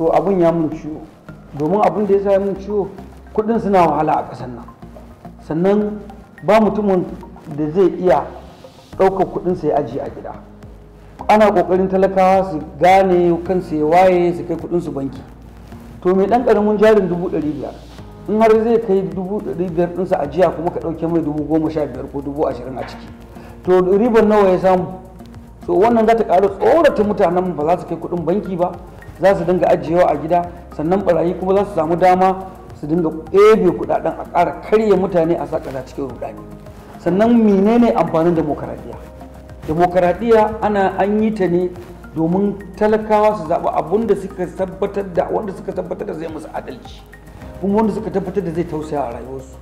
to abun ya mun ciwo domin abin da ya sa mun ciwo kudin suna wahala a ƙasar nan sannan ba mutumin da zai iya ɗaukar kudin sai aji a gida ana kokarin talakawa su gane su ya waye su kai kudin su banki to mai ɗan ƙaramin jarin dubu ɗari biyar in har zai kai dubu ɗari biyar ɗinsa ajiya kuma ka ɗauke mai dubu goma sha biyar ko dubu ashirin a ciki to ribar nawa ya samu so wannan za ta ƙara tsorata mutanen ba za su kai kudin banki ba za su dinga ajiyewa a gida sannan barayi kuma za su samu dama su dinga ɗebe kudaden a kara karya mutane a sakaza cikin rudani sannan menene amfanin demokaradiyya demokaradiyya ana an yi ta ne domin talakawa su zaɓi abun da suka tabbatar da wanda suka tabbatar da zai musu adalci kuma wanda suka tabbatar da zai tausaya a rayuwarsu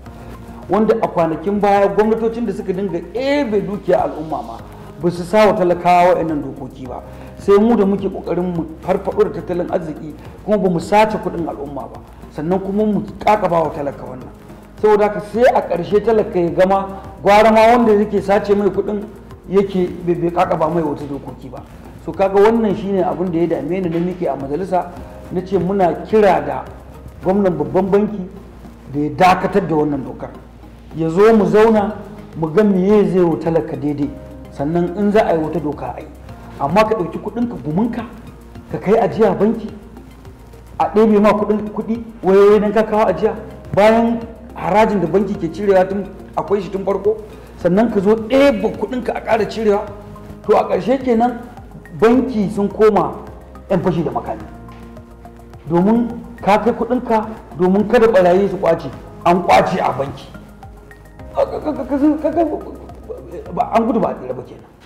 wanda a kwanakin baya gwamnatocin da suka dinga ebe dukiya al'umma ma ba su sa wa talakawa wa'annan dokoki ba sai mu da muke kokarin mu farfado da tattalin arziki kuma ba mu sace kuɗin al'umma ba sannan kuma mu kakaba wa talaka wannan saboda haka sai a ƙarshe talaka ya gama gwara ma wanda yake sace mai kuɗin yake bai kakaba mai wata dokoki ba so kaga wannan shine abin da ya dame ni na muke a majalisa na ce muna kira da gwamnan babban banki da ya dakatar da wannan dokar ya zo mu zauna mu ga meye zai wa talaka daidai sannan in za a yi wata doka a yi amma ka ɗauki kuɗinka guminka ka kai ajiya banki a ɗebe ma kuɗin kuɗi wayoyi don ka kawo ajiya bayan harajin da banki ke cirewa tun akwai shi tun farko sannan ka zo ɗebe kuɗinka a ƙara cirewa to a ƙarshe kenan banki sun koma 'yan fashi da makami domin ka kai kuɗinka domin kada ɓarayi su kwace an kwace a banki an gudu ba a tsira ba kenan